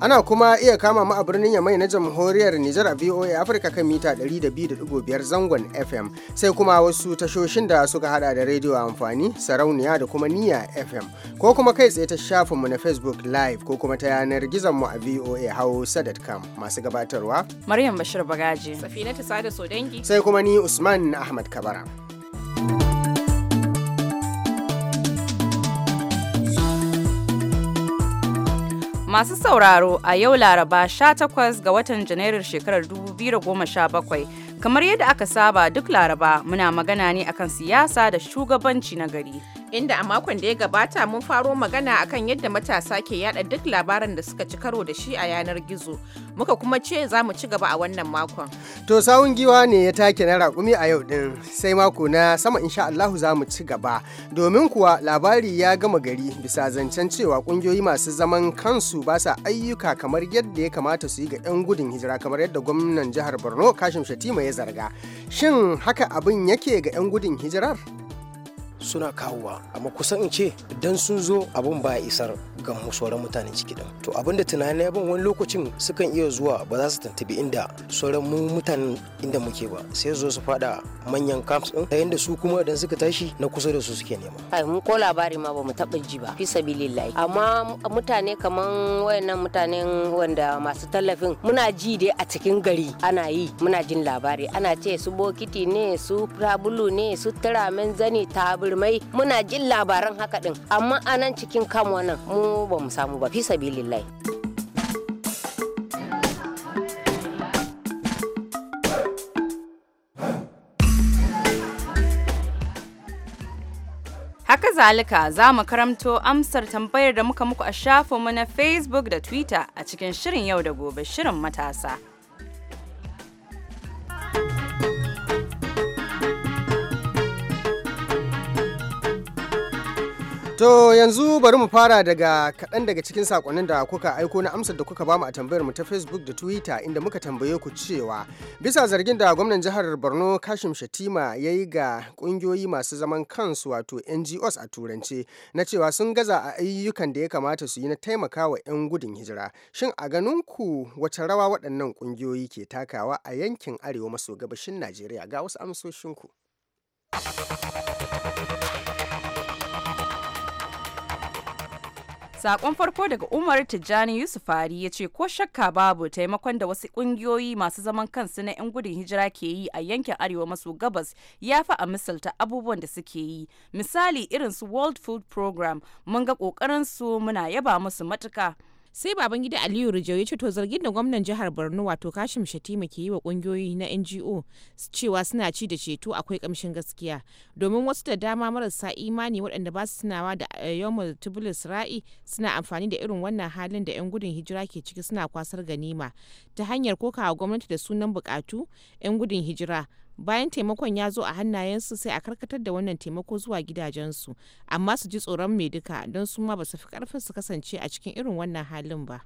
Ana kuma iya kama mu a birnin Yamai na jamhuriyar Nijar a VOA Africa kan mita 102.5 zangon FM sai kuma wasu tashoshin da suka hada da rediyo amfani sarauniya da kuma niya FM ko kuma kai tsaye ta shafinmu na Facebook Live ko kuma ta yanar gizonmu a VOA Hausa.com masu gabatarwa. Maryam Bashir Bagaji. Safina Sada dangi. Sai kuma ni Usman Ahmad Kabara. thank you Masu sauraro a yau Laraba 18 ga watan Janairun shekarar 2017 Kamar yadda aka saba duk Laraba muna magana ne akan siyasa da shugabanci na gari. Inda a makon da ya gabata mun faro magana akan yadda matasa ke yada duk labaran da suka ci karo da shi a yanar gizo. Muka kuma ce za mu ci gaba a wannan makon. To sawun giwa ne ya take na raƙumi a yau din sai mako na sama insha Allahu za mu ci gaba. Domin kuwa labari ya gama gari bisa zancen cewa kungiyoyi masu zaman kansu ba sa ayyuka kamar yadda ya kamata su yi ga 'yan gudun hijira kamar yadda gwamnan jihar Borno Kashim Shatima ya zarga shin haka abin yake ga 'yan gudun hijirar suna kawowa amma kusan in ce don sun zo abin ba isar ga sauran mutane ciki din to da tunanin ya ban wani lokacin sukan iya zuwa ba za su tantabi inda sauran mu mutanen inda muke ba sai zo su fada manyan camps din yayin da su kuma idan suka tashi na kusa da su suke nema ai mun ko labari ma bamu taba ji ba fi sabilillahi amma mutane kaman wayannan mutanen wanda masu tallafin muna ji dai a cikin gari ana yi muna jin labari ana ce su bokiti ne su fabulu ne su turamen zani taburmai muna jin labaran haka din amma anan cikin kam wannan mu mu ba mu samu ba fi sabilillahi Haka zalika za mu karamto amsar tambayar da muka muku a mu na Facebook da Twitter a cikin shirin yau da gobe shirin matasa. To yanzu bari mu fara daga kaɗan daga cikin sakonnin da kuka aiko na amsar da kuka bamu a tambayar mu ta Facebook da Twitter inda muka tambaye ku cewa bisa zargin da gwamnan jihar Borno Kashim Shatima ya yi ga ƙungiyoyi masu zaman kansu wato NGOs a turance na cewa sun gaza a ayyukan da ya kamata su yi na taimakawa 'yan gudun hijira. Shin a ganin ku wace rawa waɗannan ƙungiyoyi ke takawa a yankin arewa maso gabashin Najeriya ga wasu amsoshin ku Sakon farko daga Umar Tijjani Yusuf Ali ya ce ko shakka babu taimakon da wasu kungiyoyi masu zaman kansu na 'yan gudun hijira ke yi a yankin arewa maso gabas ya fi a misalta abubuwan da suke yi. Misali irin su World Food Program mun ga kokarin su muna yaba musu matuka. sai baban gida aliyu rijo ya ce to zargin da gwamnan jihar borno wato kashim shatima ke yi wa kungiyoyi na ngo cewa suna ci da ceto akwai kamshin gaskiya domin wasu da dama marasa imani waɗanda ba su tunawa da eh, yawmul tubulus ra'i suna amfani da irin wannan halin da 'yan gudun hijira ke ciki suna kwasar ganima ta hanyar kokawa gwamnati da sunan bukatu 'yan gudun hijira bayan taimakon ya zo a hannayensu sai a karkatar da wannan taimako zuwa gidajensu amma su ji tsoron mai duka don su ma ba su fi karfin su kasance a cikin irin wannan halin ba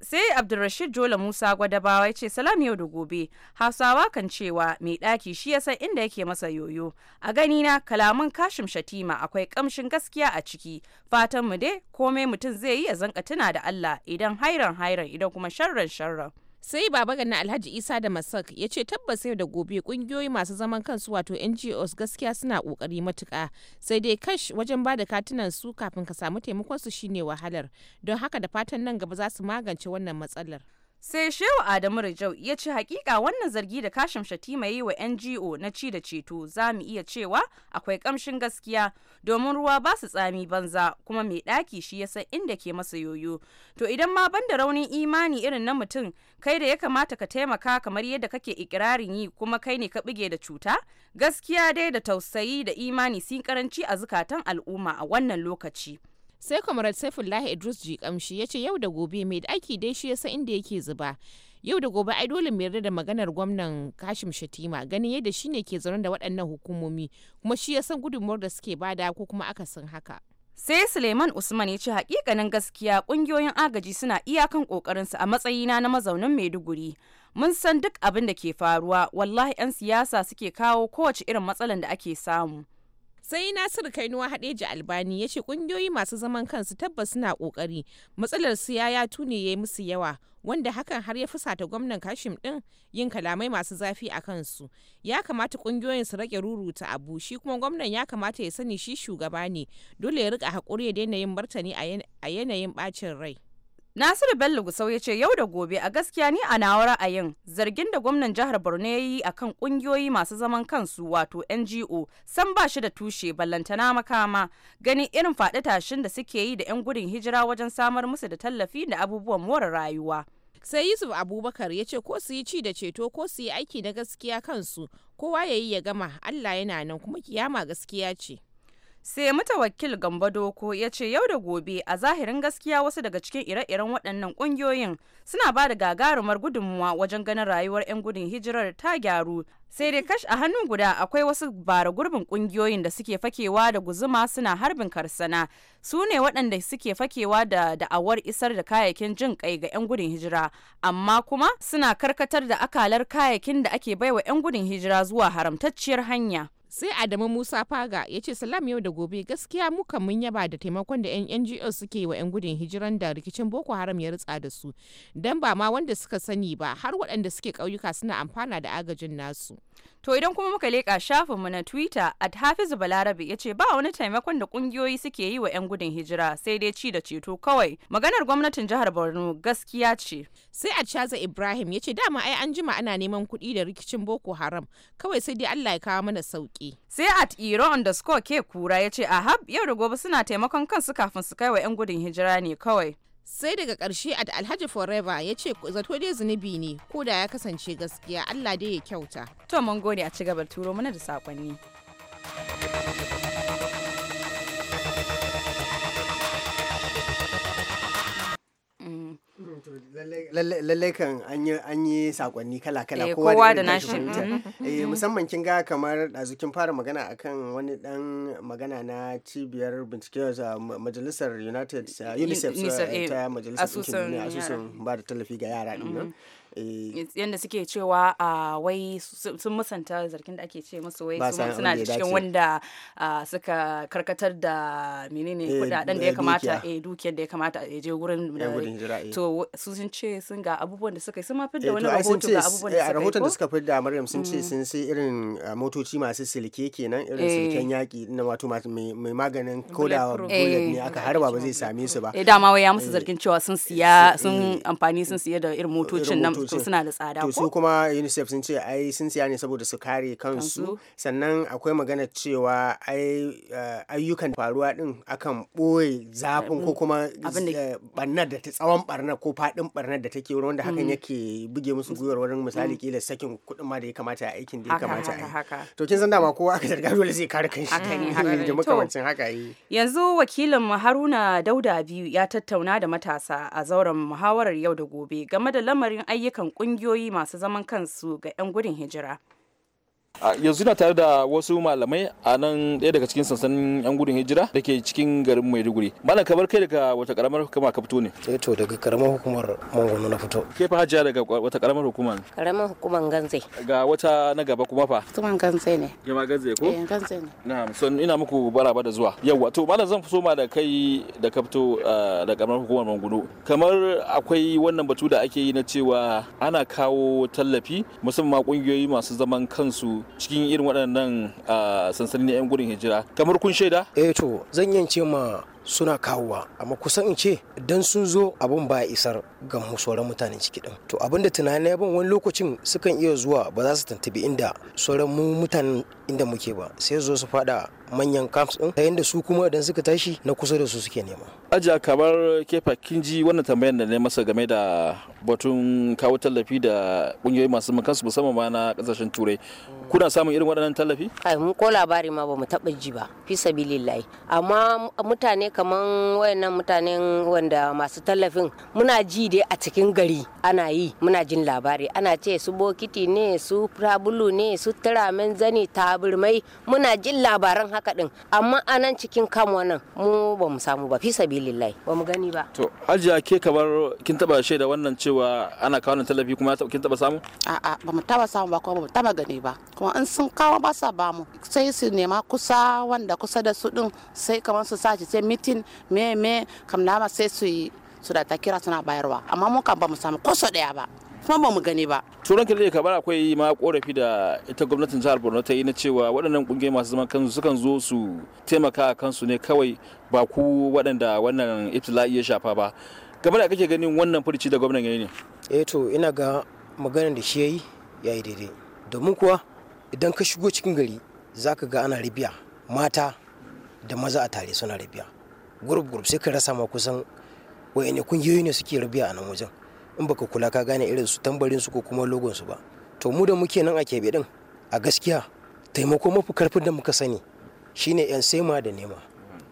sai abdulrashid jola musa gwadabawa ya ce salam yau da gobe hausawa kan cewa mai daki shi ya san inda yake masa yoyo a gani na kalaman kashim shatima akwai kamshin gaskiya a ciki fatan mu dai komai mutum zai yi ya zanka tuna da allah idan hairan hairan idan kuma sharran sharran sai baba gani alhaji isa da masak ya ce tabbas yau da gobe kungiyoyi masu zaman kansu wato ngos gaskiya suna kokari matuka sai dai kash wajen ba da katunan su kafin ka samu taimakon su shine wahalar don haka da fatan nan gaba za su magance wannan matsalar sai shehu adamu rijau ya ci hakika wannan zargi da kashim shatima yi wa ngo na ci da ceto za mu iya cewa akwai kamshin gaskiya domin ruwa ba su tsami banza kuma mai ɗaki shi ya san inda ke masa yoyo to idan ma banda raunin imani irin na mutum kai da ya kamata ka taimaka kamar yadda kake ikirarin yi kuma kai ne ka bige da cuta gaskiya dai da tausayi da imani sun karanci a zukatan al'umma a wannan lokaci sai comrade saifullahi idris kamshi ya ce yau da gobe mai aiki dai shi yasa inda yake zuba yau da gobe ai dole mai yarda da maganar gwamnan kashim shatima ganin yadda shi ne ke zaune da waɗannan hukumomi kuma shi ya san gudunmuwar da suke bada ko kuma aka san haka sai suleiman usman ya ce hakikanin gaskiya kungiyoyin agaji suna iyakan kokarinsu a matsayina na mazaunin maiduguri mun san duk abin da ke faruwa wallahi 'yan siyasa suke kawo kowace irin matsalan da ake samu sai nasiru kainuwa haɗeji albani ya ce ƙungiyoyi masu zaman kansu tabbas suna ƙoƙari matsalar su ya tune ya yi musu yawa wanda hakan har ya fusata gwamnan kashim ɗin yin kalamai masu zafi a kansu ya kamata ƙungiyoyin su rage ruruta abu shi kuma gwamnan ya kamata ya sani shi shugaba ne dole ya rika haƙuri ya daina yin martani a yanayin ɓacin rai Nasiru Bello Gusau ya ce yau da gobe a gaskiya ni a nawa ra'ayin zargin da gwamnan jihar Borno ya yi akan kungiyoyi masu zaman kansu wato NGO san ba shi da tushe ballantana makama ganin irin faɗi tashin da suke yi da 'yan gudun hijira wajen samar musu da tallafi da abubuwan more rayuwa. Sai Yusuf Abubakar ya ce ko su yi ci da ceto ko su yi aiki na gaskiya kansu kowa ya yi ya gama Allah yana nan kuma kiyama gaskiya ce. sai mutawakkil gamba doko ya ce yau da gobe a zahirin gaskiya wasu daga cikin ire-iren waɗannan ƙungiyoyin suna ba da gagarumar gudunmuwa wajen ganin rayuwar 'yan gudun hijirar ta gyaru sai dai kash a hannun guda akwai wasu bara gurbin ƙungiyoyin da suke fakewa da guzuma suna harbin karsana su ne waɗanda suke fakewa da da'awar isar da kayayyakin jin kai ga 'yan gudun hijira amma kuma suna karkatar da akalar kayayyakin da ake baiwa 'yan gudun hijira zuwa haramtacciyar hanya sai adamu musa faga ya ce salam yau da gobe gaskiya muka mun yaba da taimakon da 'yan ngo suke wa 'yan gudun hijiran da rikicin boko haram ya ritsa da su don ba ma wanda suka sani ba har waɗanda suke ƙauyuka suna amfana da agajin nasu To idan kuma muka leƙa shafinmu na Twitter at Hafizu Balarabe ya ce ba wani taimakon da ƙungiyoyi suke yi wa 'yan gudun hijira sai dai ci da ceto kawai. Maganar gwamnatin jihar Borno gaskiya ce. Sai a Achaza Ibrahim ya ce dama ai an jima ana neman kuɗi da rikicin Boko Haram kawai sai dai Allah ya kawo mana sauki. Sai at Iro underscore ke kura ya ce ahab yau da gobe suna taimakon kansu kafin su kai wa 'yan gudun hijira ne kawai. sai daga ƙarshe at alhaji forever ya ce zato dai zunubi ne ko da ya kasance gaskiya allah dai ya kyauta to mun gode a ci gaba turo mana da sakonni. lallai kan an yi sakonni kala-kala eh, kowa da shi. Eh, musamman kin ga kamar ɗazu kin fara magana akan wani ɗan magana na cibiyar bincike uh, majalisar united uh, unicef uh, eh, ta majalisar asusun ba da tallafi ga yara ɗin mm-hmm. Eh. yadda suke cewa a ah, wai sun musanta zargin da ake ce musu wai suna cikin wanda ah, suka karkatar da menene eh, kudaden da ya eh, kamata a dukiyar da ya kamata a je wurin to su sun ce sun ga abubuwan da suka yi sun ma fidda wani rahoton ga abubuwan da suka yi rahoton da suka fidda Maryam sun ce mm. sun sai irin ah, motoci masu silke kenan irin silken yaki na wato mai maganin koda bullet ne aka harba ba zai same su ba dama wai ya musu zargin cewa sun siya sun amfani sun siya da irin motocin nan to suna da tsada ko su kuma unicef sun ce ai sun siya ne saboda su kare kansu sannan akwai magana cewa ai eh, ayyukan faruwa din akan boye zafin ko kuma barnar eh, da ta tsawon barnar ko fadin barnar da take wurin wanda hakan mm. yake buge musu gwiwar wurin misali kila mm. sakin kuɗin ma da ya kamata a aikin da ya kamata a yi to kin san dama kowa aka zarga dole zai kare kanshi haka ne haka ne da makamancin haka yi yanzu wakilin Haruna Dauda biyu ya tattauna da matasa a zauren muhawarar yau da gobe game da lamarin ayyukan ayyukan ƙungiyoyi masu zaman kansu ga 'yan gudun hijira. yanzu na tare da wasu malamai a nan ɗaya daga cikin sansanin yan gudun hijira da ke cikin garin maiduguri malam kamar kai daga wata karamar hukuma ka fito ne eh to daga karamar hukumar mangwano na fito ke fa hajiya daga wata karamar hukuma karamar hukumar ganze ga wata na gaba kuma fa hukuman ganze ne gama ganze ko eh ganze ne na'am so ina muku baraba da zuwa yawa to malam zan so ma da kai da ka fito da karamar hukumar mangwano kamar akwai wannan batu da ake yi na cewa ana kawo tallafi musamman ma kungiyoyi masu zaman kansu cikin irin waɗannan ah, sansanin 'yan gudun hijira kamar kun shaida eh to zan yance ma suna kawowa amma kusan in ce dan sun zo abin ba isar ga sauran mutane ciki din to abin da tunani ya ban wani lokacin sukan iya zuwa ba za su tantabi inda sauran mu mutanen inda muke ba sai zo su fada manyan camps din ta yanda su kuma dan suka tashi na kusa da su suke nema aja kamar kefa kinji wannan tambayar da ne masa game da batun kawo tallafi da kungiyoyi masu kansu musamman ma na kasashen turai kuna samun irin waɗannan tallafi ai mun ko labari ma bamu taɓa ji ba fi sabilillahi amma mutane kaman wayannan mutanen wanda masu tallafin muna ji dai a cikin gari ana yi muna jin labari ana ce su bokiti ne su furabulu ne su turamin zani taburmai muna jin labaran haka din amma a nan cikin kam wannan mu ba mu samu ba fi sabilillahi ba mu gani ba to ajiya ke kamar kin taba shaida wannan cewa ana kawo tallafi kuma kin taba samu a'a ba mu taba samu ba kuma ba mu taba gani ba kuma in sun kawo ba sa ba mu sai su nema kusa wanda kusa da su din sai kamar su sace sai miti mitin me me kam na sai su yi su da takira suna bayarwa amma mun kan ba mu samu koso daya ba kuma ba mu gani ba. turan kirle kamar akwai ma korafi da ita gwamnatin jihar borno ta yi na cewa waɗannan kungiyoyi masu zaman kansu sukan zo su taimaka kansu ne kawai ba ku waɗanda wannan iftila'i ya shafa ba game da kake ganin wannan furici da gwamnan yayi ne. eh to ina ga maganar da shi yayi yayi daidai domin kuwa idan ka shigo cikin gari zaka ga ana ribiya mata da maza a tare suna ribiya gurup gurup sai ka rasa ma kusan ne kungiyoyi ne suke rabiya a nan wajen in baka kula ka gane irin su tambarin su ko kuma logon su ba to mu da muke nan a kebe din a gaskiya taimako mafi karfin da muka sani shine yan sema da nema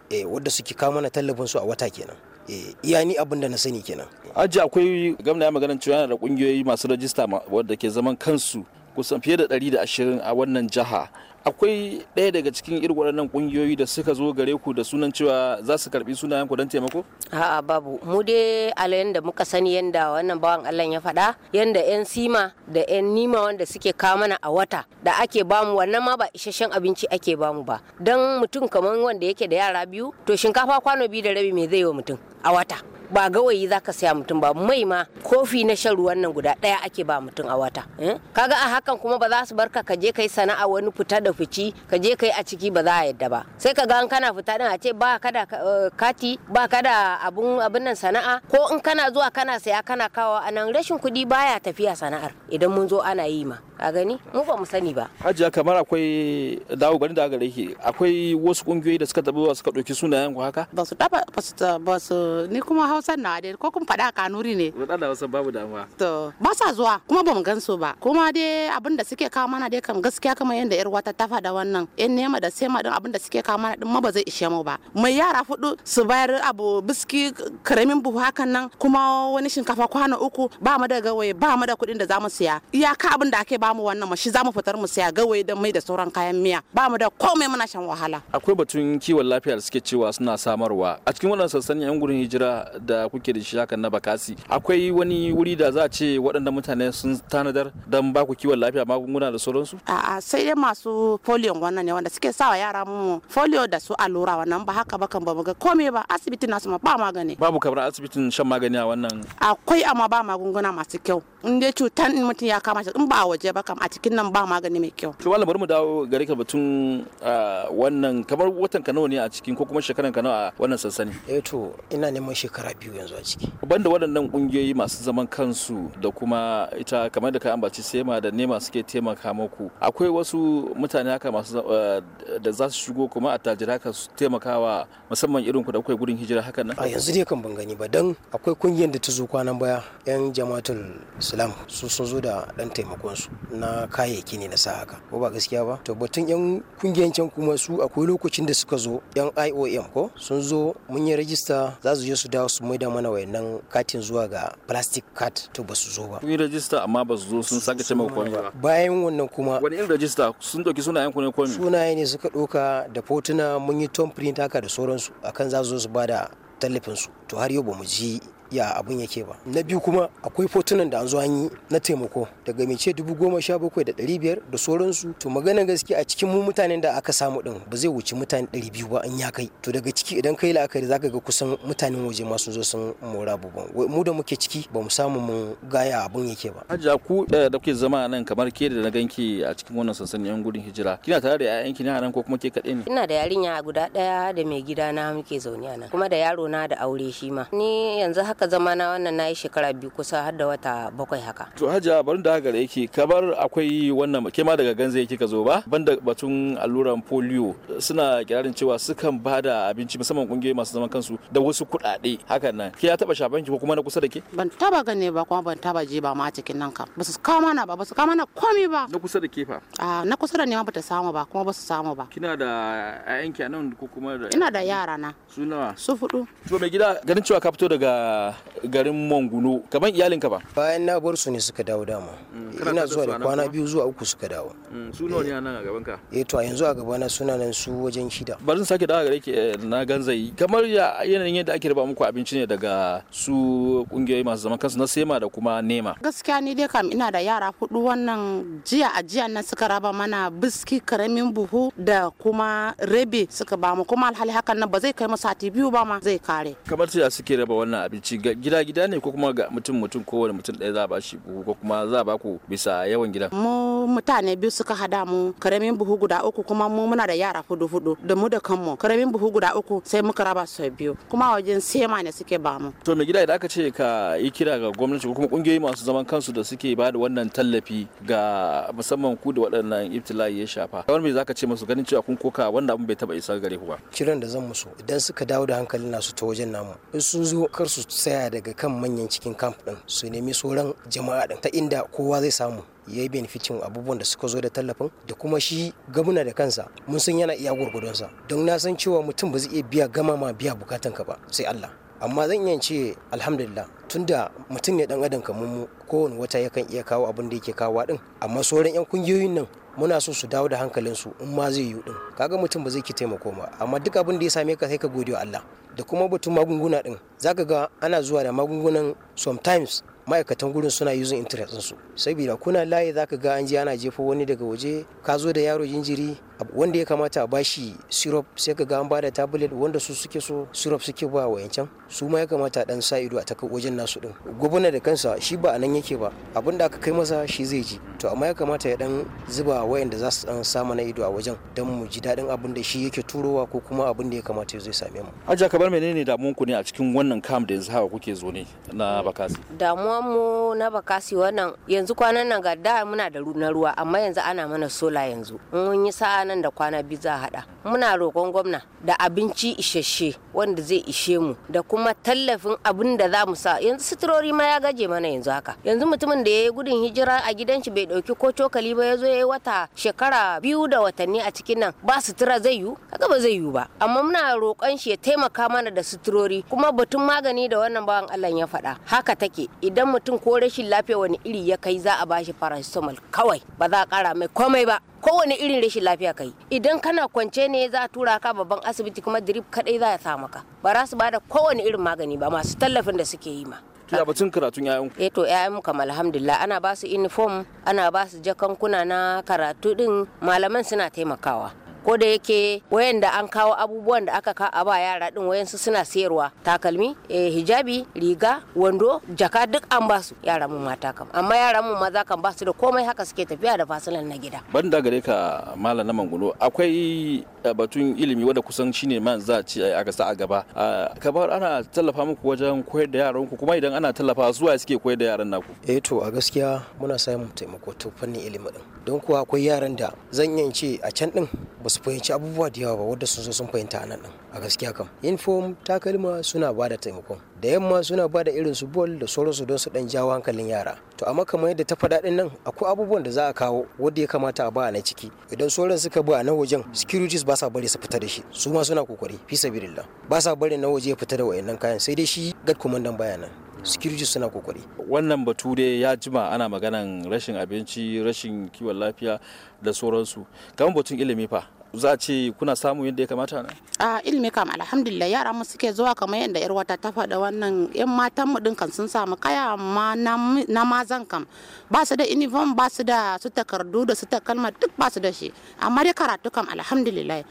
eh wanda suke kawo mana tallafin su a wata kenan eh, iya ni abin na sani kenan aji akwai gwamnati ya magana cewa yana da kungiyoyi masu rajista wadda ke zaman kansu kusan fiye da 120 a wannan jiha akwai ɗaya daga cikin irin waɗannan ƙungiyoyi da suka zo gare ku da sunan cewa za su karɓi sunayen ku don taimako? A'a babu mu dai alayen da muka sani yanda wannan bawan Allah ya faɗa yanda 'yan sima da 'yan nima wanda suke kawo mana a wata da ake bamu wannan ma ba isasshen abinci ake bamu ba don mutum kamar wanda yake da yara biyu to shinkafa kwano biyu da rabi me zai yi wa mutum a wata ba gawayi za ka saya mutum ba mai ma kofi na shan ruwan nan guda ɗaya ake ba mutum a wata eh? kaga a hakan kuma ba za su barka ka je kai sana'a wani fita da fici ka je kai a ciki ba za a yadda ba sai ka ga an kana fita din a ce ba ka da eh, kati ba ka da abun abun nan sana'a ko in kana zuwa kana saya kana kawo anan rashin kuɗi baya tafiya sana'ar idan mun zo ana yi ma a gani mu ba mu sani ba hajiya kamar akwai dawo bari da gare ki akwai wasu kungiyoyi da suka taba suka dauki sunayen ku haka ba su taba ba su ba su ni kuma Hausa na dai ko kun faɗa kanuri ne ba da wasu babu damuwa to ba sa zuwa kuma ba mu gansu ba kuma dai abin da suke kawo mana dai kam gaskiya kamar yanda yar wata ta fada wannan yan nema da ma din abin da suke kawo mana din ma ba zai ishe mu ba mai yara fudu su bayar abu biski karamin buhu hakan nan kuma wani shinkafa kwana uku ba mu da gawaye ba mu da kuɗin da za mu siya iyaka abin da ake ba bamu wannan mashi shi zamu fitar mu siya gawayi da mai da sauran kayan miya ba mu da komai muna shan wahala akwai batun kiwon lafiya da suke cewa suna samarwa a cikin wannan sassan yan gurin hijira da kuke da shi hakan na bakasi akwai wani wuri da za a ce waɗanda mutane sun tanadar don ba ku kiwon lafiya magunguna da sauransu a'a sai dai masu polio wannan ne wanda suke sawa yara mu polio da su allura wannan ba haka ba kan ba mu ga komai ba asibitin nasu ma ba magani babu kamar asibitin shan magani a wannan akwai amma ba magunguna masu kyau in dai cutan mutum ya kama shi in ba a waje ba ba kam a cikin nan ba magani mai kyau to bari mu dawo gare ka batun ah, wannan kamar watan ka nawa ne a cikin ko kuma shekaran ka nawa a wannan sansani eh to ina neman shekara biyu yanzu a ciki banda waɗannan kungiyoyi masu zaman kansu da kuma ita kamar da ka ambaci sema da nema suke taimaka muku akwai wasu mutane haka masu ah, da za su shigo kuma attajira ka su taimakawa musamman irin ku da kuka gudun hijira haka nan a yanzu dai kan ban gani ba dan akwai kungiyar da ta zo kwanan baya yan jama'atul islam su sun zo da dan taimakon su na kayayyaki ne na sa haka ko ba gaskiya ba to batun yan can kuma su akwai lokacin da suka zo yan IOM ko sun zo mun yi rajista za su je su dawo su maida mana wayannan katin zuwa ga plastic card to ba su zo ba kun yi rajista amma ba su zo sun sake ce maka ba bayan wannan kuma wani irin rajista sun doki sunayen ku ne komai sunaye ne suka doka da fotuna mun yi print haka da sauransu akan za su zo su bada tallafin su to har yau ba mu ji ya abin yake ba na biyu kuma akwai fotunan da an zo an yi na taimako daga mai ce dubu goma sha bakwai da ɗari biyar da sauransu to magana gaske a cikin mu mutanen da aka samu din ba zai wuce mutane ɗari biyu ba an ya kai to daga ciki idan kai la'akari zaka ga kusan mutanen waje ma sun zo sun mora buban mu da muke ciki ba mu samu mun gaya abin yake ba hajja ku da kuke zama nan kamar ke da na ganki a cikin wannan sansanin yan gudun hijira kina tare da ƴaƴanki ne nan ko kuma ke kaɗai ne ina da yarinya guda ɗaya da mai gida na muke zaune a nan kuma da yaro na da aure shi ma ni yanzu haka haka zama na wannan na yi shekara biyu kusa har da wata bakwai haka to hajiya barin da haka yake kamar akwai wannan ke ma daga ganze ka zo ba banda batun alluran polio suna kirarin cewa sukan ba da abinci musamman kungiyoyi masu zaman kansu da wasu kuɗaɗe hakan nan ke ya taba shafan ki ko kuma na kusa da ke ban taba gane ba kuma ban taba je ba ma cikin nan kam ba su kama na ba ba su kama na komai ba na kusa da ke fa na kusa da ne ma bata samu ba kuma ba su samu ba kina da ƴaƴanki a nan ko kuma da ina da yara na su nawa su fudu to mai gida ganin cewa ka fito daga uh, garin Manguno kaman iyalinka ba bayan na bar su ne suka dawo dama mm, ina zuwa da kwana biyu zuwa uku suka dawo mm, su nawa ne nan a gaban ka eh to a yanzu a gaba na suna nan su wajen shida bari sake dawo gare ki eh, na ganzai kamar ya yanayin yadda ake raba muku abinci ne daga su kungiyoyi masu zaman kansu na sema da kuma nema gaskiya ni dai kam ina da yara hudu wannan jiya a jiya na suka raba mana biski karamin buhu da kuma rebe suka ba mu kuma alhali hakan nan ba zai kai mu sati biyu ba ma zai kare kamar sai suke raba wannan abinci gida gida ne ko kuma ga mutum mutum wani mutum ɗaya za a shi buhu ko kuma za a ku bisa yawan gidan mu mutane biyu suka hada mu karamin buhu guda uku kuma mu muna da yara hudu hudu da mu da kanmu karamin buhu guda uku sai muka raba su biyu kuma wajen sema ne suke ba mu to mai gida idan aka ce ka yi kira ga gwamnati ko kuma kungiyoyi masu zaman kansu da suke ba da wannan tallafi ga musamman ku da waɗannan iftila'i ya shafa kamar me ka ce musu ganin cewa kun koka wanda abin bai taba isa gare ku ba kiran da zan musu idan suka dawo da hankali na su ta wajen namu in sun zo kar su saya da daga kan manyan cikin kamp ɗin su nemi tsoron jama'a ɗin ta inda kowa zai samu ya yi benefitin abubuwan da suka zo da tallafin da kuma shi gamuna da kansa mun san yana iya gurgudunsa don na san cewa mutum ba zai iya biya gama ma biya ka ba sai Allah amma zan iya ce alhamdulillah tunda mutum ne dan adam kamar mu kowane wata yakan iya kawo abin da yake kawo din amma sauran yan kungiyoyin nan muna so su dawo da hankalinsu in ma zai yiwu ɗin kaga mutum ba zai ki taimako ma amma duk abin da ya same ka sai ka gode wa Allah da kuma batun magunguna din zaka ga ana zuwa da magungunan sometimes ma'aikatan gurin suna using internet su saboda kuna layi zaka ga an ji ana jefa wani daga waje ka zo da yaro jinjiri wanda ya kamata a shi syrup sai ka ga an bada tablet wanda su suke so syrup suke ba yancan su ma ya kamata dan sa ido a taka wajen nasu din gwamna da kansa shi ba nan yake ba abin da aka kai masa shi zai ji to amma ya kamata ya dan zuba wayanda za su dan samu na ido a wajen dan mu ji dadin abin da shi yake turowa ko kuma abin da ya kamata zai same mu aja kabar menene damuwanku ne a cikin wannan kam da yanzu haka kuke zo ne na bakasi damuwa mu na bakasi wannan yanzu kwanan nan ga da muna da na ruwa amma yanzu ana mana sola yanzu mun yi sa'a nan da kwana biyu za hada muna roƙon gwamna da abinci isasshe wanda zai ishe mu da kuma tallafin abin da za mu sa yanzu suturori ma ya gaje mana yanzu haka yanzu mutumin da ya yi gudun hijira a gidan shi bai dauki ko cokali ba ya zo ya yi wata shekara biyu da watanni a cikin nan ba sutura zai yiwu kaga ba zai yiwu ba amma muna roƙon shi ya taimaka mana da suturori kuma batun magani da wannan bawan Allah ya faɗa haka take idan idan mutum ko rashin lafiya wani iri ya kai za a bashi paracetamol kawai ba za a kara mai komai ba kowane irin rashin lafiya kai idan kana kwance ne za a tura ka babban asibiti kuma drip kadai za a sa maka ba za su bada kowane irin magani ba masu tallafin da suke yi ma ya batun karatun ku eh to mu kamal alhamdulillah ana ba su uniform ana ba su jakankuna na karatu din malaman suna taimakawa ko da yake da an kawo abubuwan da aka kawo ba yara din su suna sayarwa takalmi eh, hijabi riga wando jaka duk an ba su yara mu mata kam amma yara mu maza kan ba su da komai haka suke tafiya da fasilan na gida ban da gare ka malam na mangulo akwai eh, batun ilimi wanda kusan shine man za a ce aka sa a gaba ah, kamar ana tallafa muku wajen koyar da yaran ku kuma idan ana tallafa zuwa suke koyar da yaran naku eh to a gaskiya muna samun taimako ta fannin ilimi din don kuwa akwai yaran da zan iya ce a can din ba su fahimci abubuwa da yawa ba wadda sun so sun fahimta a nan a gaskiya kam inform takalma suna ba da taimakon da yamma suna ba da irin su bol da sauransu don su dan jawo hankalin yara to amma kamar yadda ta faɗa din nan akwai abubuwan da za a kawo wanda ya kamata a ba a na ciki idan sauran suka bi a na wajen securities ba sa bari su fita da shi su ma suna kokari fi sabilillah ba sa bari na waje ya fita da wayannan kayan sai dai shi gad kumandan baya nan security suna kokari wannan batu dai ya jima ana maganan rashin abinci rashin kiwon lafiya da sauransu kamar batun ilimi fa za a ce kuna samu yadda ya kamata ne? a ilimi kam alhamdulillah yara mu suke zuwa kamar yadda yar wata ta faɗa wannan yan matan mu din kan sun samu kaya amma na mazan kam ba su da uniform ba su da su takardu da su takalma duk ba su da shi amma dai karatu kam alhamdulillah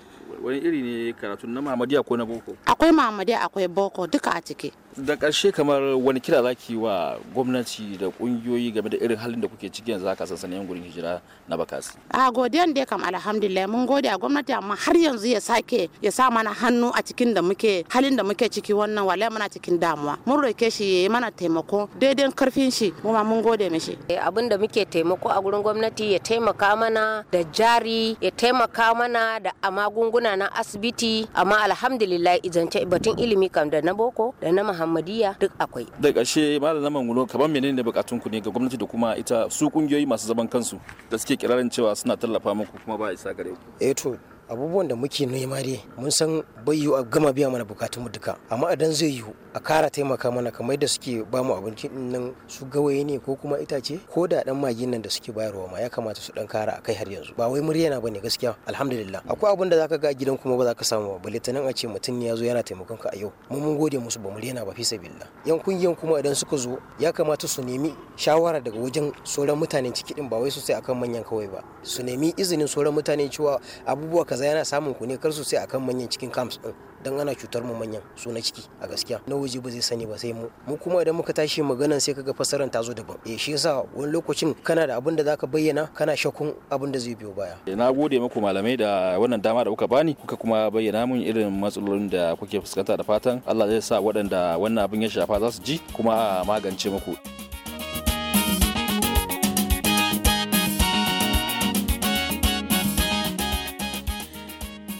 wani iri ne karatu na Muhammadiyya ko na boko akwai mamadi akwai boko duka a ciki da ƙarshe kamar wani kira zaki wa gwamnati da ƙungiyoyi game da irin halin da kuke ciki yanzu haka yan gurin hijira na bakasi a godiya da kam alhamdulillah mun gode a gwamnati amma har yanzu ya sake ya sa mana hannu a cikin da muke halin da muke ciki wannan wallahi muna cikin damuwa mun roke shi ya mana taimako daidai karfin shi kuma mun gode mishi eh, abin da muke taimako a gurin gwamnati ya taimaka mana da jari ya taimaka mana da magunguna muna nan asibiti amma alhamdulillah izance batun ilimi kam da na boko da na muhammadiya duk akwai da ƙarshe malaman gulo kaban menene bukatun ku ne ga gwamnati da kuma ita su kungiyoyi masu zaman kansu da suke kirarin cewa suna tallafa muku kuma ba isa gare ku eh to abubuwan da muke nema dai mun san bai yiwu a gama biya mana bukatun mu duka amma idan zai yiwu a kara taimaka mana kamar da suke ba mu abinci nan su gawaye ne ko kuma itace ko da dan magin nan da suke bayarwa ma ya kamata su dan kara a kai har yanzu ba wai muryana bane gaskiya alhamdulillah akwai abin da zaka ga gidan kuma ba zaka samu ba litinin a ce mutum ya zo yana taimakon ka a yau mu mun gode musu ba muryana ba fi sabilillah yan kungiyan kuma idan suka zo ya kamata su nemi shawara daga wajen sauran mutanen ciki din ba wai su sai akan manyan kawai ba su nemi izinin sauran mutane cewa abubuwa kaza yana samun ku ne kar su sai akan manyan cikin camps din dan ana cutar mu manyan su na ciki a gaskiya na waje ba zai sani ba sai mu mu kuma idan muka tashi magana sai kaga fasaran ta zo daban eh shi yasa wani lokacin kana da abin da zaka bayyana kana shakun abin da zai biyo baya eh, na gode muku malamai da wannan dama da kuka bani kuka kuma bayyana mun irin matsalolin da kuke fuskanta da fatan Allah zai sa waɗanda wannan abin ya shafa za su ji kuma magance muku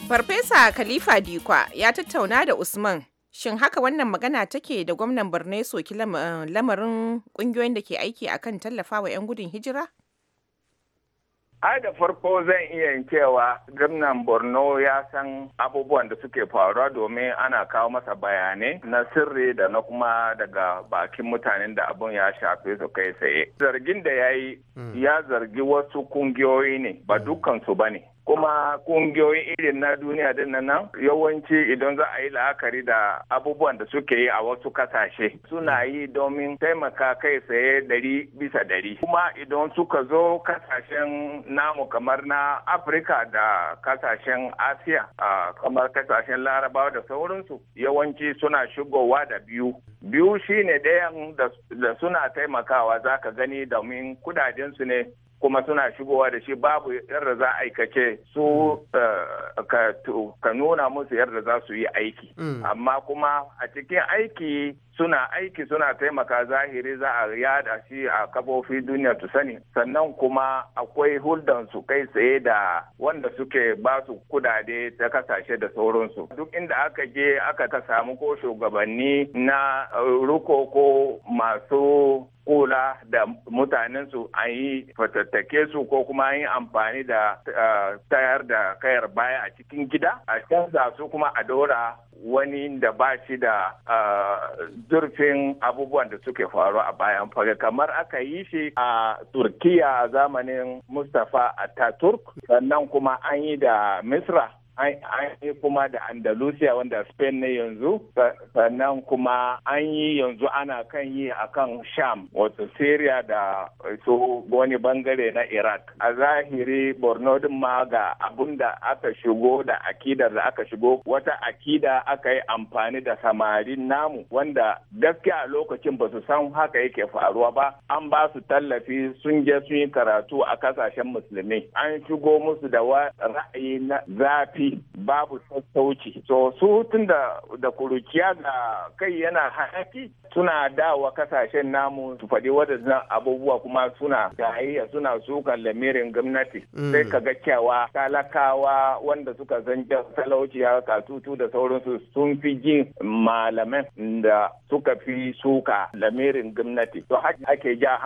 Farfesa Khalifa Dikwa ya tattauna da Usman. Shin haka wannan magana take da gwamnan Borno soki eh, lamarin kungiyoyin da ke aiki akan tallafawa 'yan gudun hijira? A da farko zan iya cewa gwamnan Borno ya san abubuwan da suke faruwa domin ana kawo masa bayanai na sirri da na kuma daga bakin mutanen da abun ya shafe su kai tsaye. Zargin da ya yi hmm. ya zargi wasu kungiyoyi ne ba hmm. dukansu ba ne. kuma kungiyoyin irin na duniya din nan yawanci idan za a yi la'akari da abubuwan da suke yi a wasu kasashe suna mm. yi domin taimaka kai saye dari bisa dari kuma idan suka zo kasashen namu kamar na afirka da kasashen asiya a kamar kasashen larabawa da sauransu yawanci suna shigowa da biyu biyu shine ɗayan da suna taimakawa zaka gani domin kudadensu ne kuma suna shigowa da shi babu yadda za aikace su eh, ka nuna musu yadda za su yi aiki mm. amma kuma a cikin aiki suna aiki suna taimaka zahiri za a yada shi a kafofi duniya su sani sannan kuma akwai huldan su kai tsaye da wanda suke ba su kudade ta kasashe da sauransu duk inda aka je aka ta samu ko shugabanni na uh, ruko ko masu kula da mutanensu an yi fatattake su ko kuma an yi amfani da uh, tayar da kayar baya a cikin gida a canza su kuma a dora wani da ba shi da zurfin abubuwan da suke faru a bayan fage kamar aka yi shi a turkiya a zamanin mustapha ataturk sannan kuma an yi da misra an yi kuma da andalusia wanda spain ne yanzu sannan kuma an yi yanzu ana kan yi a kan sham wato syria da su wani bangare na iraq a zahiri borno din ma ga abun da aka shigo da akidar da aka shigo wata akida aka yi amfani da samarin namu wanda gaskiya a lokacin ba su san haka yake faruwa ba an ba su tallafi sun je sun yi karatu a kasashen musulmi an shigo musu da ra'ayi na zafi babu sassauci. So su tun da da kuruciya da kai yana hayaki suna dawa kasashen namu su faɗi waɗannan abubuwa kuma suna gayayya suna sukan lamirin gwamnati. Mm. Sai ka ga cewa talakawa wanda suka san talauci haka tutu da sauransu sun fi jin malaman da suka fi suka lamirin gwamnati. To ake ja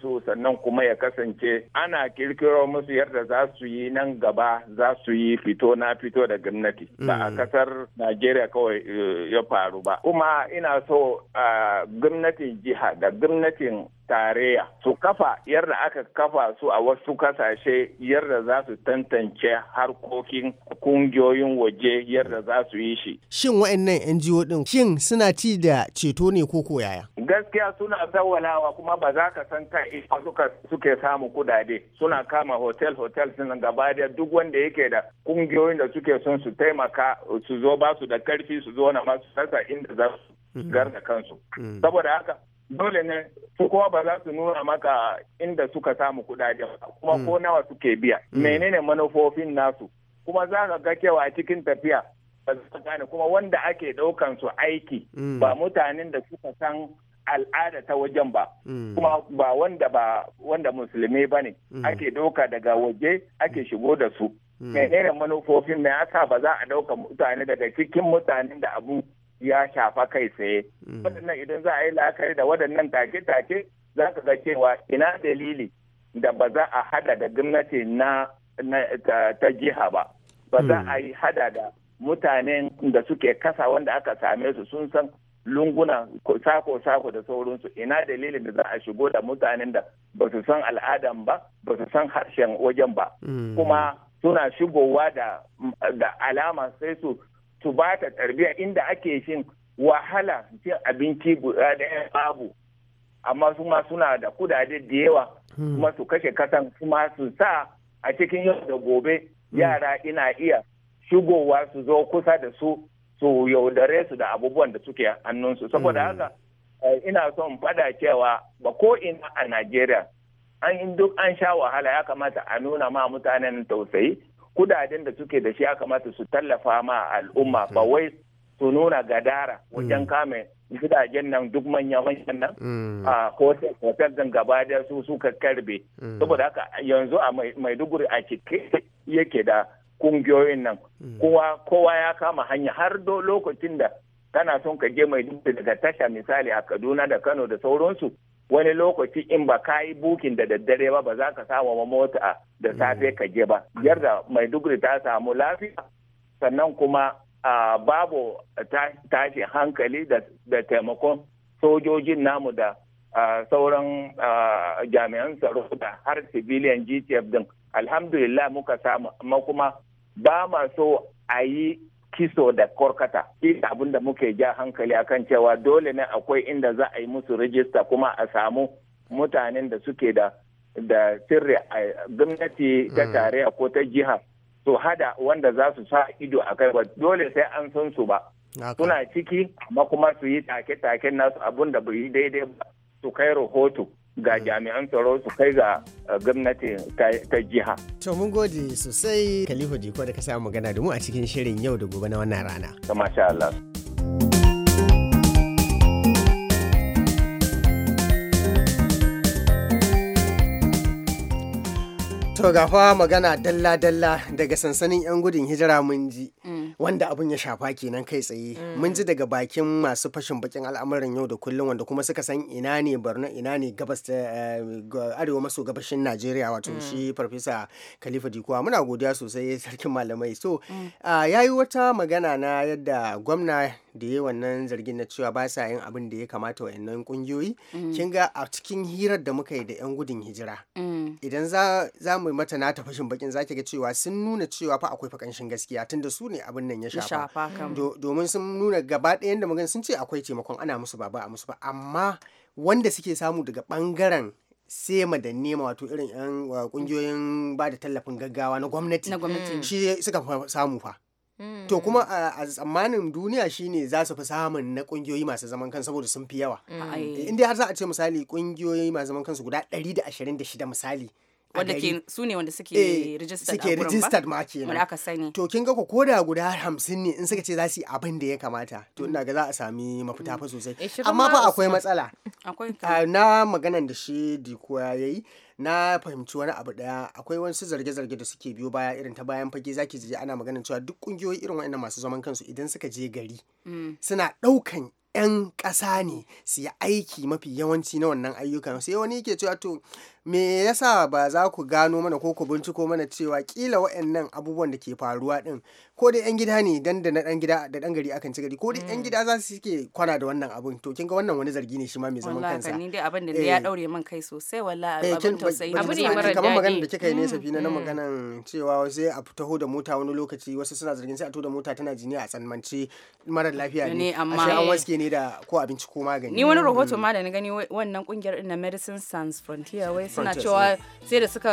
su sannan kuma ya kasance ana kirkiro musu yadda za su yi nan gaba za su yi fito na fito da gwamnati ba a mm. kasar Najeriya kawai eh, ya faru ba kuma ina so ah, gwamnatin jiha da gwamnatin tarayya su kafa yadda aka kafa su a wasu kasashe yadda za su tantance harkokin kungiyoyin waje yadda za su yi shi. Shin wa'annan NGO din shin suna ci da ceto ne ko koyaya. Gaskiya suna zawalawa kuma ba za ka san ta suka suke samu kudade suna kama hotel hotel suna gaba da duk wanda yake da kungiyoyin da suke son su taimaka su zo ba da karfi su zo na masu sasa inda za su mm-hmm. garga kansu. Mm. Saboda haka dole ne su kowa ba za su nuna maka inda suka samu kudaden kuma mm. ko nawa suke biya mm. menene manufofin nasu kuma za ka ga cewa a cikin tafiya ba za ka gane kuma wanda ake daukan su aiki mm. ba mutanen da suka san al'ada ta wajen ba kuma ba wanda ba wanda musulmi ba ne ake ɗauka daga waje ake shigo da su menene manufofin me yasa ba za a ɗauka mutane daga cikin mutanen da abu ya shafa kai tsaye mm. waɗannan idan za a yi la'akari da waɗannan take-take za ka ga cewa ina dalili da ba za a hada da gwamnati na ta jiha ba ba za mm. a yi hada da mutanen da suke kasa wanda aka same su sun san lunguna sako-sako da sauransu ina dalilin da za a shigo da mutanen da ba su san al'adan ba ba su san harshen wajen ba mm. kuma suna shigowa da alama sai su su ba ta tarbiyya inda ake shin wahala cin abinci guda ɗaya babu amma su ma suna da kudade da yawa hmm. kuma su kashe kasan kuma su sa a cikin yau da gobe hmm. yara ina iya shigowa su zo kusa da su su yaudare su da abubuwan da suke hannunsu saboda hmm. haka eh, ina son fada cewa ba ko ina a najeriya an duk an sha wahala ya kamata a nuna ma mutanen tausayi kudaden da suke da shi ya kamata su tallafa ma al'umma ba mm. wai su nuna gadara wajen mm. kame gidajen nan duk manya manyan nan mm. a hotel din gaba da su suka karbe saboda haka yanzu a maiduguri a cike yake da kungiyoyin nan kowa ya kama hanya har do lokacin da kana son ka je maiduguri daga tasha misali a kaduna da kano da sauransu wani lokaci in ba ka yi bukin da daddare ba ba za ka samu mota da safe mm. ka je ba yadda maiduguri ta samu lafiya sannan kuma babu tashi hankali da taimakon sojojin namu da sauran jami'an tsaro da har civilian gtf din alhamdulillah muka samu amma kuma ba ma so a yi kiso da korkata shi abin da muke ja hankali akan cewa dole ne akwai inda za a yi musu rijista kuma a samu mutanen da suke da da sirri a gwamnati ta mm. tarayya ko ta jiha su hada wanda za su sa ido a kai ba dole sai an san su ba suna ciki amma kuma su yi take take nasu abinda da bai yi daidai ba su kai rahoto ga mm. jami'an tsaro su kai ga uh, gwamnati ta jiha. To mun gode sosai khalifu jiko da ka samu magana da mu a cikin shirin yau da gobe na wannan rana. Masha Allah. To fa magana dalla-dalla daga sansanin 'yan gudun hijira mun ji. Mm. wanda abun ya shafa kenan kai tsaye mm. mun ji daga bakin masu fashin bakin al'amuran yau da kullum wanda kuma suka san ina ne Borno ina ne gabas ta eh, arewa maso gabashin Najeriya wato mm. shi farfesa Khalifa Dikuwa muna godiya sosai sarkin malamai so mm. ya yi wata magana na yadda gwamna da ya wannan zargin na cewa ba sa yin abin da ya kamata wa yannan kungiyoyi kin ga a cikin hirar da muka yi da yan gudun hijira idan za mu mata na fashin bakin zaki ga cewa sun nuna cewa fa akwai fakanshin gaskiya tunda su ne abin abin nan ya shafa domin sun nuna gaba ɗaya da magana sun ce akwai taimakon ana musu ba ba a musu ba amma wanda suke samu daga sai sema da nema wato irin yan kungiyoyin ba da tallafin gaggawa na gwamnati shi suka samu fa mm. to kuma a tsammanin duniya shine za su fi samun na kungiyoyi masu zaman kan saboda sun fi yawa mm. inda har za a ce misali kungiyoyi masu zaman kansu guda 126 misali wanda ke su ne wanda suke eh, registered suke registered ma kenan wanda aka sani to kin ga ko koda guda hamsin ne in suka ce za su yi abin da ya kamata to ina ga za a sami mafita fa sosai eh, amma fa akwai matsala akwai ah, na maganan da shi diko yayi na fahimci wani abu daya akwai wasu zarge-zarge da suke biyo baya irin ta bayan fage zaki ji ana maganin cewa duk kungiyoyi irin wa'annan masu zaman kansu idan suka je gari mm. suna ɗaukan 'yan ƙasa ne su yi aiki mafi yawanci na wannan ayyukan sai wani yake cewa to me yasa ba za ku gano mana ko ku binciko mana cewa kila waɗannan abubuwan da ke faruwa din ko dai yan gida ne dan da na dan gida da dan gari akan ci gari ko dai yan mm. gida za su suke kwana da wannan abun to kin ga wannan wani zargi ne shi ma mai zaman kansa wallahi ni dai abin da ya daure eh. man kai sosai wallahi eh, abin tausayi abu ne mara kamar maganar da kika yi ne safina na mm, mm. maganan cewa sai a taho da mota wani lokaci wasu suna zargin sai a taho da mota tana jini a tsanmance mara lafiya ne amma an eh. waske ne da ko abinci ko magani ni wani rahoto ma da na gani wannan kungiyar na Medicine Sans Frontier wai suna cewa sai da suka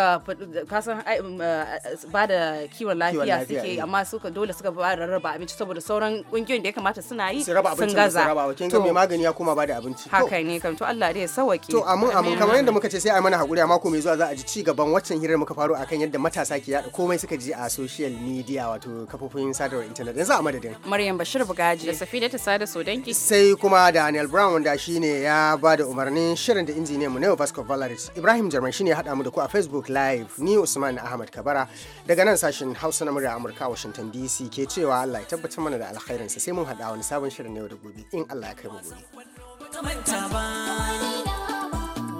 kasan um, uh, ba da kiwon lafiya suke eh. amma suka dole suka ba da raba abinci saboda sauran kungiyoyin da ya kamata suna yi sun gaza to mai magani ya koma ba da abinci haka ne kam to Allah dai ya sauke to amma amma kamar yadda muka ce sai a mana hakuri a mako mai zuwa za a ji ci gaban waccan hirar muka faro akan yadda matasa ke yada komai suka ji a social media wato kafofin sadarwar internet yanzu a madadin Maryam Bashir Bugaji da Safina ta sada Sodanki sai kuma Daniel Brown wanda shine ya ba da umarnin shirin da injiniyan mu Neo Vasco Valeris Ibrahim Ibrahim shi shine ya haɗa mu da ku a Facebook Live ni Usman Ahmad Kabara daga nan sashen Hausa na murya Amurka a Washington DC ke cewa Allah ya tabbatar mana da sa sai mun haɗa wani sabon shirin na yau da gobe in Allah ya kai mu gobe.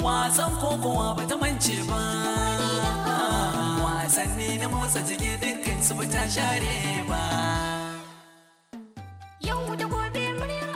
Wasan ba ta mance ba, wasanni na motsa jiki dukkan su ba ta share ba. Yau da gobe